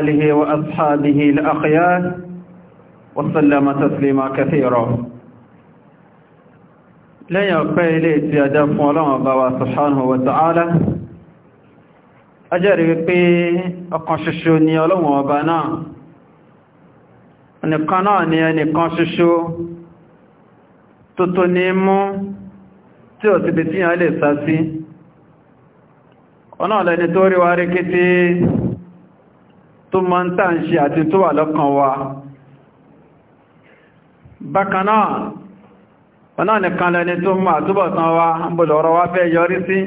آله وأصحابه الأخيار وسلم تسليما كثيرا لا يقبل إليك يا جف الله سبحانه وتعالى أجري بي ọ̀kan ṣoṣo ni Ọlọ́run ọba náà ẹnìkan náà ni ẹnìkan ṣoṣo tó tó ní mú tí ò síbi tí a lè sá sí ọ̀nà ọ̀lẹ́ni tó rí wa rí kété tó ma ń tàà ń ṣe àti tó wà lọ́kàn wa bákanáà ọ̀nà nìkan lẹni tó máa túbọ̀ tán wa ń bọ̀lọ̀ ọ̀rọ̀ wá fẹ́ yọrí sí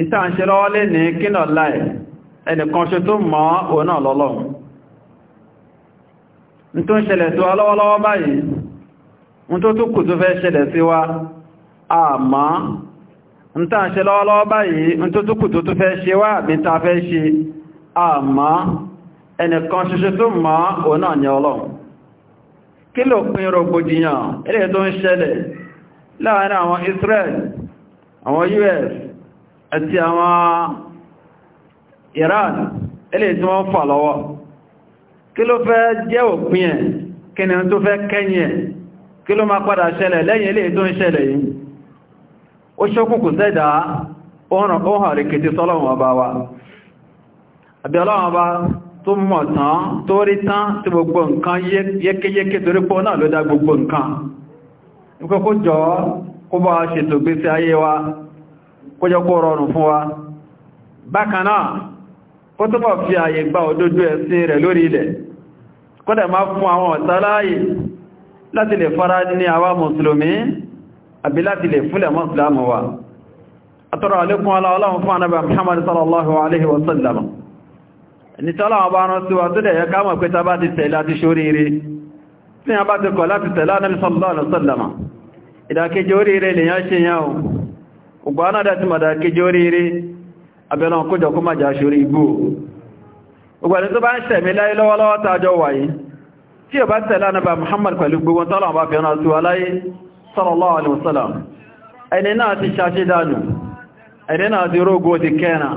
ìtàà ń ṣe lọ́wọ́ lè ní kínà láì ẹnìkan ṣe tó mọ́ òun náà lọ́lọ́run ní tó ń ṣẹlẹ̀ sí wa lọ́wọ́lọ́wọ́ báyìí ní tó tó kù tó fẹ́ ṣẹlẹ̀ sí wa àmọ́ ní tàà ń ṣe lọ́wọ́lọ́wọ́ báyìí ní tó tó kù tó tó fẹ́ ṣe wá àbí ta fẹ́ ṣe àmá ẹnìkan ṣoṣo tó ma òun náà ni ọlọ́run kí ló pín rògbòdìyàn ilé tó ń ṣẹlẹ̀ láàárín àwọn Israel àwọn US àti àwọn Iran ilé tí wọ́n fà lọ́wọ́ kí ló fẹ́ jẹ́ òpin ẹ̀ kí ni tó fẹ́ kẹ́yìn ẹ̀ kí ló ma padà ṣẹlẹ̀ lẹ́yìn ilé tó ń ṣẹlẹ̀ yìí ó ṣókùnkùn ó hàn rí kìtì wa àbí ọlọ́run ọba tó mọ̀ tán tó rí tán tí gbogbo nǹkan yékéyéké torí pọ́ náà ló dá gbogbo nǹkan nígbàkó jọ kó bá ṣètò gbésí ayé wa kó jẹ́ kó rọrùn fún wa bákan náà kó tó bọ̀ fi àyè gba òdodo ẹ̀sìn rẹ̀ lórí ilẹ̀ kó dẹ̀ máa fún àwọn ọ̀tá láàyè láti lè fara ní àwa mùsùlùmí àbí láti lè fúnlẹ̀ mùsùlùmí wa àtọ́rọ̀ àlékún ọlá fún anábà Muhammad sallallahu alaihi wasallam nítọ́lá àwọn bá rán sí wa tó dẹ̀ yẹ káàmọ̀ pé tàbá ti tẹ̀lá ti ṣoríire tí a bá ti kọ̀ láti tẹ̀lá náà sallallahu alaihi wasallam ìdàkejì oríire lèyàn ṣe yàn o ọgbà náà dẹ̀ ti mọ̀ dàkejì oríire abẹ́lọ́n kójọ kó má jà ṣorí igbó ọgbàdé tó bá ń ṣẹ̀mí láyé lọ́wọ́lọ́wọ́ tàjọ ẹni náà ti ṣaṣídánù ẹni náà ti rógó ti kẹ́ràn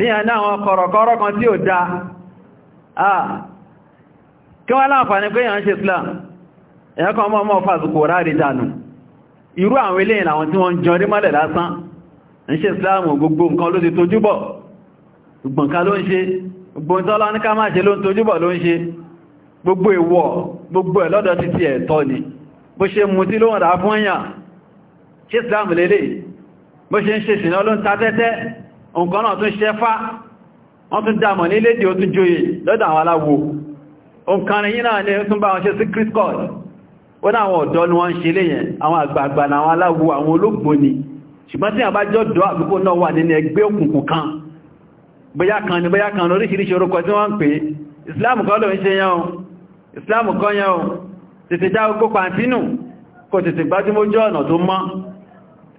tí a ní àwọn kọ̀rọ̀kọ́rọ̀ kan tí ó dá àà kí wọ́n láǹfàní pé yàn ń ṣe Islam ẹ̀yàn kan mọ́ mọ́ fàzùkò ráàrí dànù irú àwọn ilé ìlàwọn tí wọ́n jọ rí mọ́lẹ̀ lásán ń ṣe Islam gbogbo nǹkan ló ti tójúbọ̀ gbogbo nǹkan ló ń ṣe gbogbo tọ́lá ní ká máa ṣe nǹkan náà tún ṣẹfá wọ́n tún dámọ̀ ní lédè ó tún joyè lọ́dọ̀ àwọn aláwo nǹkan yìí náà ni tún bá wọn ṣe secret court wọ́n náà àwọn ọ̀dọ́ ni wọ́n ń ṣe léyẹn àwọn àgbààgbà na àwọn aláwo àwọn olóògbóni ṣùgbọ́n tí àbá jọ dọ́ àbíkó náà wà Islam kọ́ ló ń Islam kọ́ yẹn o tètè já gbogbo pàǹtínù kò tètè gbájúmójú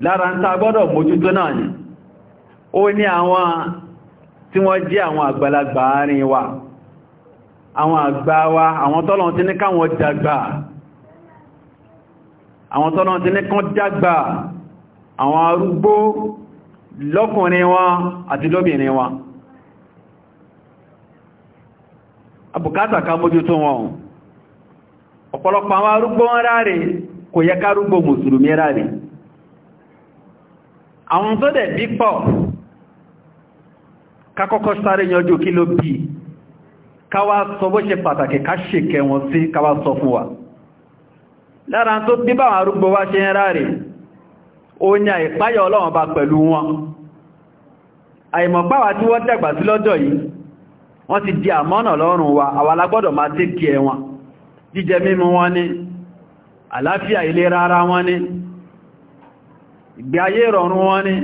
lára ń ta gbọ́dọ̀ mójútó náà ni ó ní àwọn tí wọ́n jẹ́ àwọn àgbàlagbà àárín wa àwọn àgbà wa àwọn tọ́lọ̀ ti ní káwọn dàgbà àwọn tọ́lọ̀ ti ní kán dàgbà àwọn arúgbó lọ́kùnrin wọn àti lóbìnrin wọn àbùkátà ká mójútó wọn ọ̀pọ̀lọpọ̀ àwọn arúgbó wọn ráre kò yẹ kárúgbó mùsùlùmí ráre àwọn tó dẹ̀ bí pọ̀ kakọ́kọ́ sáré yanjú kí ló bí káwà sọ bó ṣe pàtàkì ká ṣèkẹ wọn sí káwà sọ fún wa lára tó bí báwọn arúgbó wá ṣe ń ráre ó ní àìpáyà ọlọ́wọ́n bá pẹ̀lú wọn àìmọ̀páwà tí wọ́n dẹ̀gbà sí lọ́dọ̀ yìí wọ́n ti di àmọ́nà lọ́rùn wa àwa la máa tí kí jíjẹ mímu wọn ni àlàáfíà ìlera ara wọn ni ìgbé ayé ìrọ̀rùn wọn ni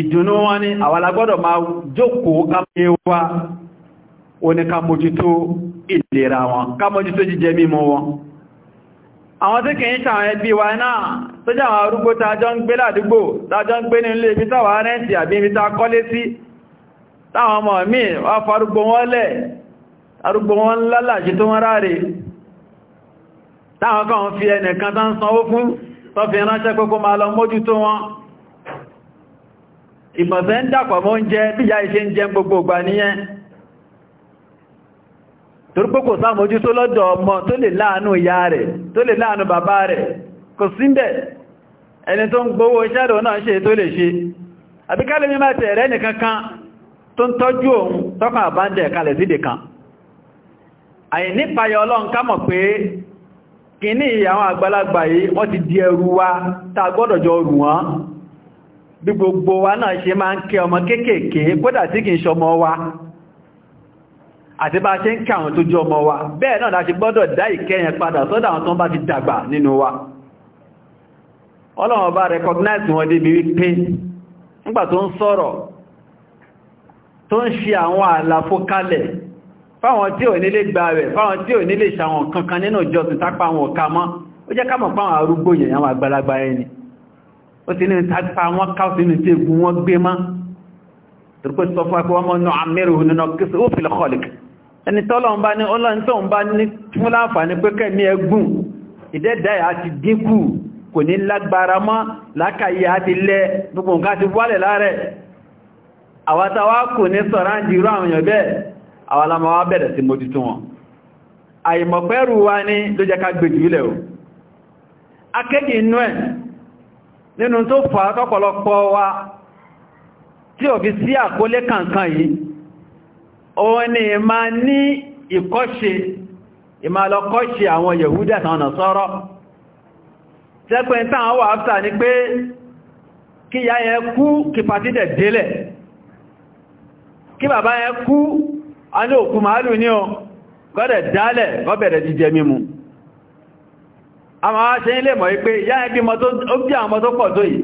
ìdùnnú wọn ni àwa la gbọ́dọ̀ máa jókòó kámé wa o ní ká mójútó ìlera wọn ká mójútó jíjẹ mímu wọn àwọn tí kìí ṣàwọn ẹbí wa náà tó jẹ́ àwọn arúgbó tàjọ ń gbé ládùúgbò tàjọ ń gbé nílé ibi táwà rẹ́ǹtì àbí ibi tá kọ́lé sí táwọn ọmọ míì wá farúgbó wọn lẹ̀ arúgbó wọn lálàjí tó wọ́n ráre táwọn kan fi ẹnìkan tán sanwó fún tọ́fin ránṣẹ́ kókó máa lọ mójútó wọn ìgbọ̀nsẹ̀ ń dàpọ̀ mọ́ oúnjẹ bí ya ìṣe ń jẹ gbogbo ìgbà níyẹn torí pé kò sáàmójútó lọ́dọ̀ ọmọ tó lè láàánú ìyá rẹ̀ tó lè láàánú bàbá rẹ̀ kò síndẹ̀ ẹni tó ń gbówó iṣẹ́ rẹ̀ náà ṣe tó lè ṣe àbíkálẹ̀ mímá tẹ̀ rẹ̀ nìkankan tó ń tọ́jú òun tọ́kàn àbájẹ̀ kalẹ̀ kan àyìn nípayọ ọlọ́run ká pé kìíní àwọn àgbàlagbà yìí wọ́n ti di ẹrù wa tá gbọ́dọ̀ jọ rù wọ́n bí gbogbo wa náà ṣe máa ń kẹ ọmọ kéékèèké kódà tí kìí ṣọmọ wa àti bá ṣe ń kẹ àwọn tó jọ ọmọ wa bẹ́ẹ̀ náà láti gbọ́dọ̀ dá ìkẹyẹn padà sọ́dọ̀ fáwọn tí ò nílé gba rẹ̀ fáwọn tí ò nílé ṣàwọn kankan nínú ìjọsìn tápá wọn ká mọ́ ó jẹ́ ká mọ̀ páwọn arúgbó yẹ̀yàn wà gbalagbà ẹni ó ti ní tápá wọn ká sínú tí egun wọn gbé mọ́ torípé sọ fún akọwọ́ mọ́nà amẹ́rù nínú kíso ó fìlẹ̀ kọlìk ẹni tọ́lọ́n bá ní ọlọ́n tó ń bá ní fún láǹfààní pé kẹ́mi ẹgùn ìdẹ́dàá yà ti dínkù kò àwọn alamọ́ wá bẹ̀rẹ̀ sí mójútó wọn àìmọ̀pẹ́rù wa ní ló jẹ́ ká gbèjì ilẹ̀ o akéjì inú ẹ̀ nínú tó fà tọ́pọ̀lọpọ̀ wa tí ò fi sí àkólé kankan yìí òun ni ma ní ìkọ́ṣe ìmàlọ́kọ́ṣe àwọn Yẹ̀húdí àtàwọn Nasara tẹ́pẹ́ kí bàbá yẹ a ní òkú màálù ní o gọ́dẹ̀ dálẹ̀ gọ́bẹ̀rẹ̀ jíjẹ mímu a máa ṣe ilé mọ̀ wípé yá ẹbí ó bí àwọn ọmọ tó pọ̀ tó yìí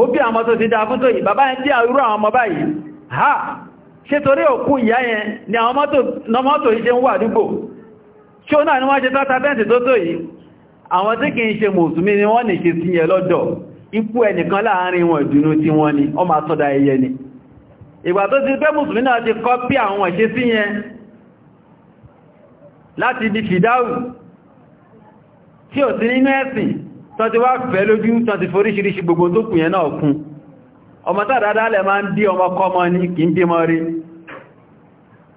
ó bí àwọn tó ti dáa fún tó yìí bàbá ẹ̀ dí àrú àwọn ọmọ báyìí ha ṣe torí òkú ìyá yẹn ni àwọn mọ́tò yìí ṣe ń wà àdúgbò ṣó náà ni wọ́n ṣe tátà bẹ́ǹtì tó tó yìí àwọn tí kìí ṣe mùsùlùmí ni wọ́n ní ṣe sí ẹ lọ́dọ̀ ikú ẹnìkan láàárín wọn ìdùnnú tí wọ́n ni ọ máa sọ́dá ẹyẹ ni ìgbà tó ti pé mùsùlùmí náà ti kọ́pí àwọn ìṣesí yẹn láti di fìdáwù tí ò sí nínú ẹ̀sìn tán ti wá fẹ́ lójú tán ti foríṣiríṣi gbogbo tó kù yẹn náà kún ọmọ tàdádálẹ̀ máa ń bí ọmọ kọmọ ní kì ń bímọ rí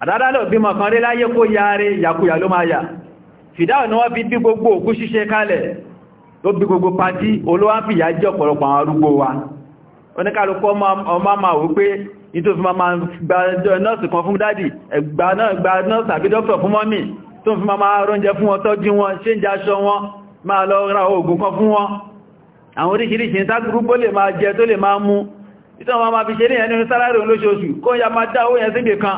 àdádálẹ̀ òbímọ kan rí láyé kó ya rí yàkúyà ló máa yà fìdáwù ni wọ́n fi bí gbogbo òkú ṣíṣe kalẹ̀ ló bí gbogbo pàtí olówá jẹ́ ọ̀pọ̀lọpọ̀ àwọn arúgbó wa oníkàlùkọ́ ọmọ máa wípé ní tó fi máa gba nọ́ọ̀sì kan fún dádì gba nọ́ọ̀sì àbí dókítà fún mọ́mì tó fi máa rọ́njẹ fún wọn tọ́jú wọn ṣe ń jaṣọ wọn máa lọ ra oògùn kan fún wọn àwọn oríṣiríṣi ìtàkùrúgbó lè máa jẹ tó lè máa mú ìtàn wọn máa fi ṣe ní ẹni sálárì olóṣooṣù kó ya máa dá owó yẹn síbì kan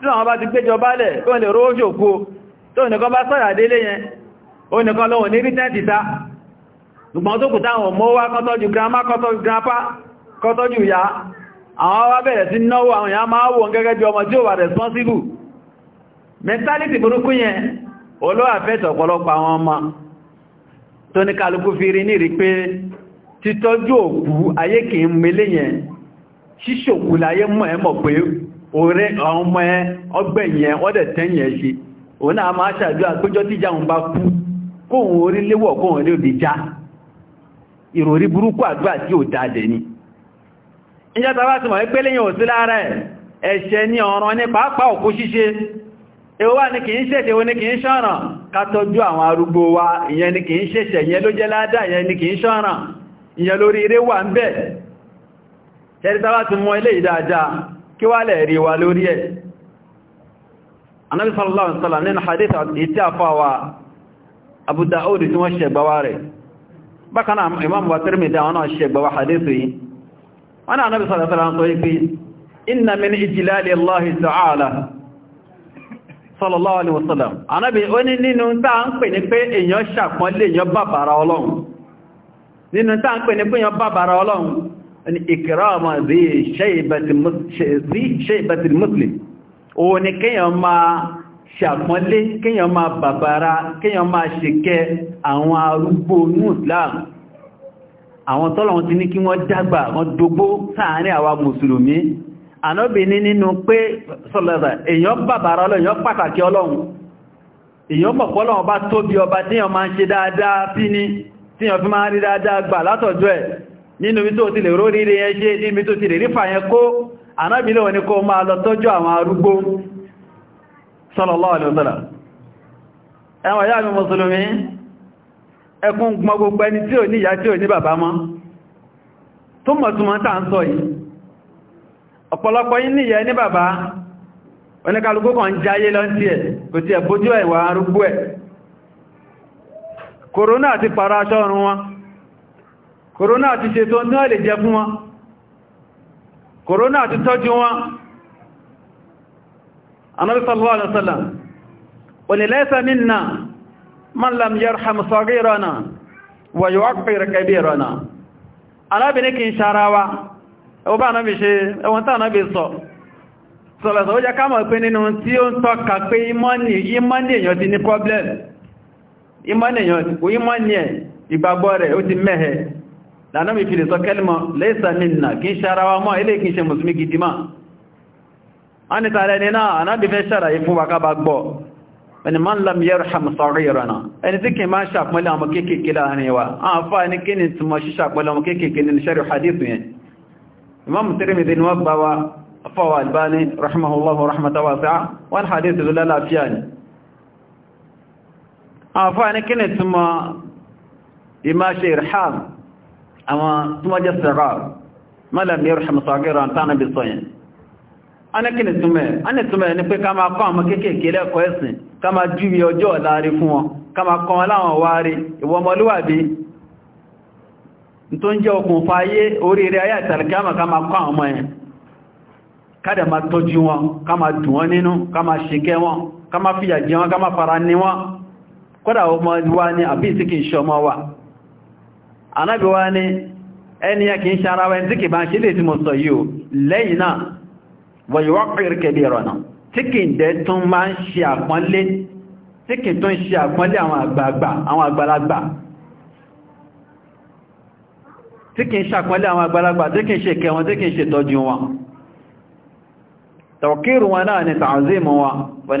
tí wọn bá ti gbéjọ bálẹ̀ kó lè rówó ṣòkó tó nìkan bá sọ̀rọ̀ délé yẹn ó nìkan lọ́wọ́ ní rí tẹ́ntìta gbogbo tó àwọn wá bẹ̀rẹ̀ sí náwó àwọn èèyàn máa wọ́n gẹ́gẹ́ bí ọmọ tí ó wà responsible mentality burúkú yẹn olóàfẹ́ẹ̀tì ọ̀pọ̀lọpọ̀ àwọn ọmọ tó ní fi rí ní pé títọ́jú òkú ayé kì í mele yẹn ṣíṣòkú láyé mọ̀ pé ọmọ ẹ ìjẹta bá ti mọ̀ pé léyìn òsí lára ẹ̀ ẹ̀ṣẹ̀ ni ọ̀ràn ní pàápàá òkú ṣíṣe èwo wà ní kìí ṣẹ̀ṣẹ̀ wo ní kìí ṣọ̀ràn ká àwọn arúgbó wa ìyẹn ni kìí ṣẹ̀ṣẹ̀ ìyẹn ló jẹ́ ládá ìyẹn ni kìí ṣọ̀ràn ìyẹn lórí eré wà ń bẹ̀ ṣẹ́ríta bá ti mọ̀ ilé ìdáadáa Abu Dawud tí wọ́n ṣẹ̀gbáwá rẹ̀ bákanáà imam wa Tirmidhi àwọn náà ṣẹ̀gbáwá hadith wọ́n náà náà sọ̀rọ̀ sọ̀rọ̀ sọ ipé inna min ijilali Allah ta'ala sallallahu alaihi wasallam anábi ó ní nínú táà ń pè ní pé èyàn sàpọ́nlé èyàn bàbàrà ọlọ́run nínú táà ń pè ní pé èyàn bàbàrà ọlọ́run ni ikrama zi shaybatil muslim òun ni kéèyàn máa sàpọ́nlé kéèyàn máa ṣe kẹ́ àwọn arúgbó ní islam àwọn tọ́lọ̀ ti ní kí wọ́n dàgbà wọ́n dogbó sáàárín àwa mùsùlùmí ànábìnrin nínú pé sọ́lọ́dà èyàn bàbára ọlọ́run èyàn pàtàkì ọlọ́run èyàn mọ̀pọ̀lọ́run bá tóbi ọba tíyàn máa ń ṣe dáadáa sí ní tíyàn fi máa rí dáadáa gbà látọ̀jọ́ ẹ̀ nínú ibi tó ti lè ró rírí yẹn ṣe níbi tó ti lè rí fàyẹn kó ànábìnrin òní kó máa ẹkún gbọmọ gbogbo ẹni tí ò ní ìyá tí ò ní bàbá mọ́ tó mọ̀ túnmọ̀ tàà ń sọ yìí ọ̀pọ̀lọpọ̀ yìí ní ìyá ní bàbá oníkàlùkù kan jayé jáyé lọ́ntí ẹ̀ kò tí ẹ̀ bójú ẹ̀ wà arúgbó ẹ̀ kòrónà ti para man lam yarham saghirana wa yu'aqqir kabirana alábìnrin kìí ṣarawa ẹwọ bá náà bí ṣe ẹwọ̀n tàà náà bí sọ sọ̀lọ̀sọ̀ ó jẹ́ ká mọ̀ pé nínú tí ó ń tọ́ka pé ìmọ́ni èèyàn ti ní problem ìmọ́ni èèyàn kò ìmọ́ni ẹ̀ ìgbàgbọ́ rẹ̀ ó ti mẹ́hẹ̀ lànà mi fi lè sọ kẹ́lìmọ̀ laysa minna kì í ṣarawa mọ́ ilé kì í ṣe mùsùlùmí gidi máa ẹni máa ń lam yarham saghirana ẹni tí kí máa ṣàpọ̀lẹ̀ àwọn kéèkéèké láàrin wa àfá ní kí ni tí mọ̀ sí ṣàpọ̀lẹ̀ àwọn kéèkéèké ní ṣẹ́rì hadithu yẹn imam Tirmidhi ni wọ́n bá wa afọ́wà albani rahimahullahu rahmatan wasi'a wọ́n hadithu ló lálàáfíà ni àfá ní kí ni tí mọ̀ anẹ́kì ní túnmẹ̀ anẹ́ túnmẹ̀ ní pé ká máa kọ́ àwọn ẹsìn lẹ́kọ̀ọ́ ẹ̀sìn ká máa júbi ọjọ́ fún wọn ká máa kọ́ wọn ìwọ ọmọlúwàbí tó ń jẹ́ okùn fayé oríire ayé àtàlẹ̀kẹ́ ká kama ọmọ ẹ kádà ma wọn dùn wọn nínú wọn fara ní wọn kódà ni àbí ṣe ọmọ wa ni ẹni ṣe ara wa ẹni tí bá ń ṣe lè o lẹ́yìn wọ́n yíwá pẹ̀rẹ̀kẹ̀lẹ̀ ìrọ̀nà tí kì ń dẹ́ tún máa ń ṣe àpọ́nlé tí kì tún ṣe àpọ́nlé àwọn àgbààgbà àwọn àgbàlagbà tí kì ń ṣàpọ́nlé àwọn àgbàlagbà tí kì ń ṣe kẹwọn tí kì ń ṣe tọ́jú wọn tọ̀kírù wọn náà ni tààzímù wọn wọ́n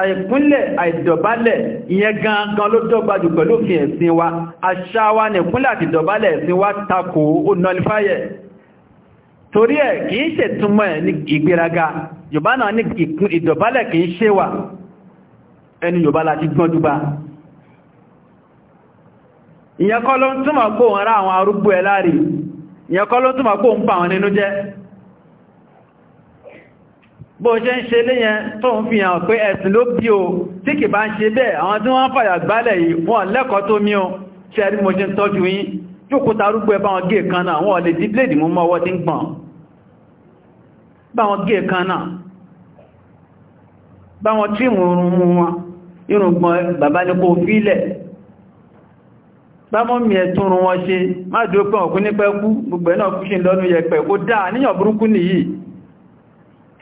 àìkúnlẹ̀ àìdọ̀bálẹ̀ ìyẹn gangan ló dọ́gbàjù pẹ̀lú òfin ẹ̀sìn wa àṣà wa ní ìkúnlẹ̀ àti ẹ̀sìn wa takò ó nọlifáyẹ̀ torí ẹ̀ kìí ṣe túnmọ̀ ẹ̀ ní ìgbéraga Yorùbá náà ní ìdọ̀bálẹ̀ kìí ṣe wà ẹni Yorùbá láti gbọ́njúbá ìyẹn kọ́ ló ń túnmọ̀ pé òun rá àwọn arúgbó ẹ̀ láàrin ìyẹn bó ṣe ń ṣe léyẹn tó ń fi hàn pé ẹ̀sìn ló bí o tí kì bá ń ṣe bẹ́ẹ̀ àwọn tí wọ́n fàyà gbálẹ̀ yìí wọ́n lẹ́kọ̀ọ́ tó mí o ṣẹ́rí mo ṣe ń tọ́jú yín jókòta arúgbó ẹ báwọn gé kan náà wọ́n lè dí bléèdì mú mọ́wọ́ tí ń gbọ̀n báwọn gé kan náà báwọn tí wọn ṣe má dúró pẹ́ òkú nípẹ́ kú gbogbo ẹ̀ náà kú ṣe lọ́nu kó dáa níyàn burúkú nìyí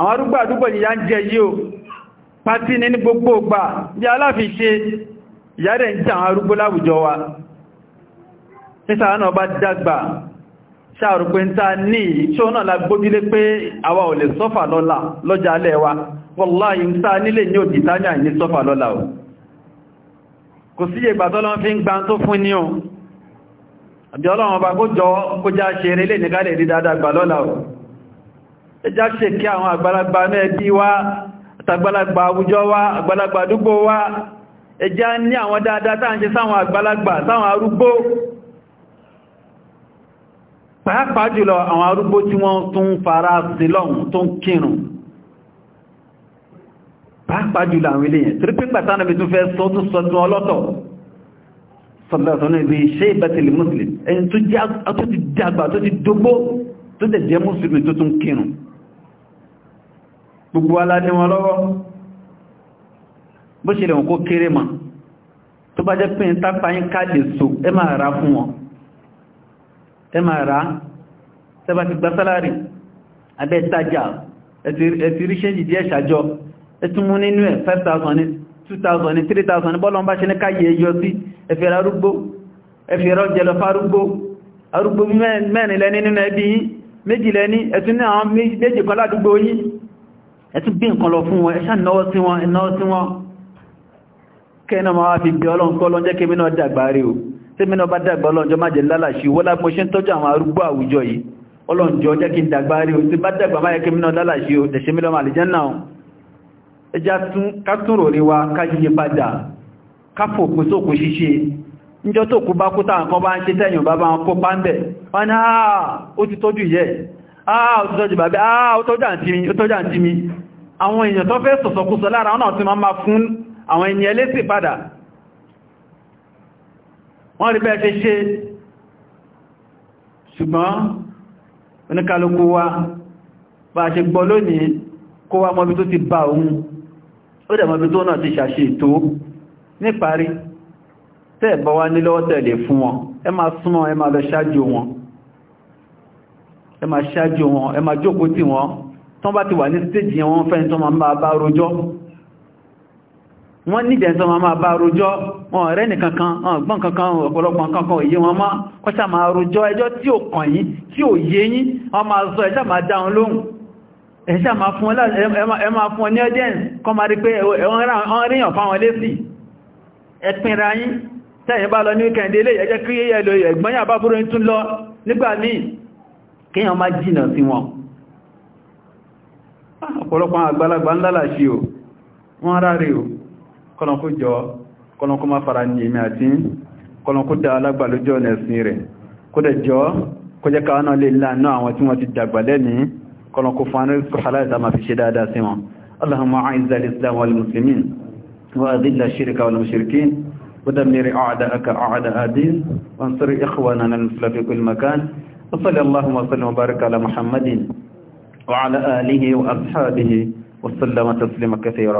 àwọn arúgbà àdúgbò ìyá ń jẹ yíò pàtí ní gbogbo ọgbà bí aláfiṣe ìyá rẹ̀ ń tí àwọn arúgbó láwùjọ wa nísàánà bá dàgbà ṣàrùpé ń ta ní ṣó náà la gbójúlé pé àwa ò lè sọ́fà lọ́la lọ́jà alẹ́ wa wọ́láyìí ń ta nílé ní òdìtá ní àìní sọ́fà lọ́la o kò sí ìgbà tọ́lọ́n fi ń gba ẹjá ṣe kí àwọn àgbàlagbà náà bí wá àtàgbàlagbà àwùjọ wá àgbàlagbà àdúgbò wá ẹjá ní àwọn dáadáa tàà ń ṣe sáwọn àgbàlagbà sáwọn arúgbó pàápàá jùlọ àwọn arúgbó tí wọ́n tún fara sílọ́n tó ń kírun pàápàá jùlọ àwọn ilé yẹn torí pín gbàtánà mi tún fẹ́ sọ́tún sọ́tún ọlọ́tọ̀ sọ́tún ibi tó ti jẹ́ muslim tó tún kírun gbogbo alá ní wọn lọ́wọ́ bó ṣe lè wọn kó kéré ma tó bá jẹ́ pé ń tápa yín káàdì so ẹ máa ra fún wọn ẹ máa ra tẹ́bà ti gba sálárì abẹ́ tajà ẹ̀tì rí ṣẹ́jì díẹ̀ ṣàjọ ẹtún mú nínú ẹ̀ 5,000 ní 2,000 ní 3,000 bọ́lọ̀ bá ṣe ní káyẹ ẹyọ sí ẹfẹ́ra arúgbó ẹfẹ́ra ọjẹ́lọ fárúgbó arúgbó mẹ́rin lẹ́ni nínú ẹbí yín méjì lẹ́ni ẹtún ní àwọn méjì kan ládùúgbò ẹ̀tún bí nǹkan lọ fún wọn ẹ̀ṣà náwọ́ sí wọn ẹ̀náwó sí wọn kẹ́ẹ̀nà máa fi bí ọlọ́run kọ́ lọ́njẹ́ kí mínà dàgbà rí o tí mínà bá dàgbà ọlọ́njọ́ má jẹ lálàṣí wọ́n lápò ṣe ń tọ́jú àwọn arúgbó àwùjọ yìí ọlọ́njọ́ jẹ́ kí n dàgbà rí o tí bá dàgbà má yẹ ah òtọ́jú bàbá ah òtọ́jú àǹtí mi òtọ́jú àǹtí mi àwọn èèyàn tó fẹ́ sọ̀sọ̀kúsọ lára wọn náà ti máa fún àwọn ẹni ẹlẹ́sìn padà wọ́n rí bẹ́ẹ̀ ṣe ṣe ṣùgbọ́n oníkàlùkù wa bá ṣe gbọ́ lónìí kó wá mọ́bí tó ti bá òun ó dẹ̀ mọ́bí tó náà ti ṣàṣe ètò níparí tẹ́ẹ̀bọ́ wá nílọ́wọ́ tẹ̀lé fún wọn ẹ máa súnmọ́ ẹ máa lọ ṣáájú wọn ẹ máa ṣáájú wọn ẹ máa jókòó tì wọn tán bá ti wà ní stéjì yẹn wọ́n fẹ́ni tó máa máa bá rojọ́ wọ́n nídẹ̀ tó máa máa bá rojọ́ wọn ọ̀rẹ́ nìkankan ọ̀gbọ́n kankan ọ̀pọ̀lọpọ̀ kankan òye wọn má kọ́ṣà máa rojọ́ ẹjọ́ tí ò kàn yín tí ò yé yín wọ́n máa sọ ẹjá máa dá wọn lóhùn ẹjá máa fún ọ ní audience kọ́ máa rí pé wọ́n ríyàn kíyàn má jìnà sí wọn ah, ọ̀pọ̀lọpọ̀ àgbàlagbà ńlálà sí o wọ́n ráre o kọ́lọ̀kú jọ kọ́lọ̀kú má fara ní èmì àti kọ́lọ̀kú dá alágbà lójọ́ ẹ̀sìn rẹ̀ kó dẹ̀ jọ kó jẹ́ káwọn náà lè lánà àwọn tí wọ́n الإسلام والمسلمين وأذل الشرك والمشركين ودمر أعداءك أعداء الدين وانصر إخواننا المسلمين في كل مكان وصلى اللهم وسلم وبارك على محمد وعلى آله وأصحابه وسلم تسليما كثيرا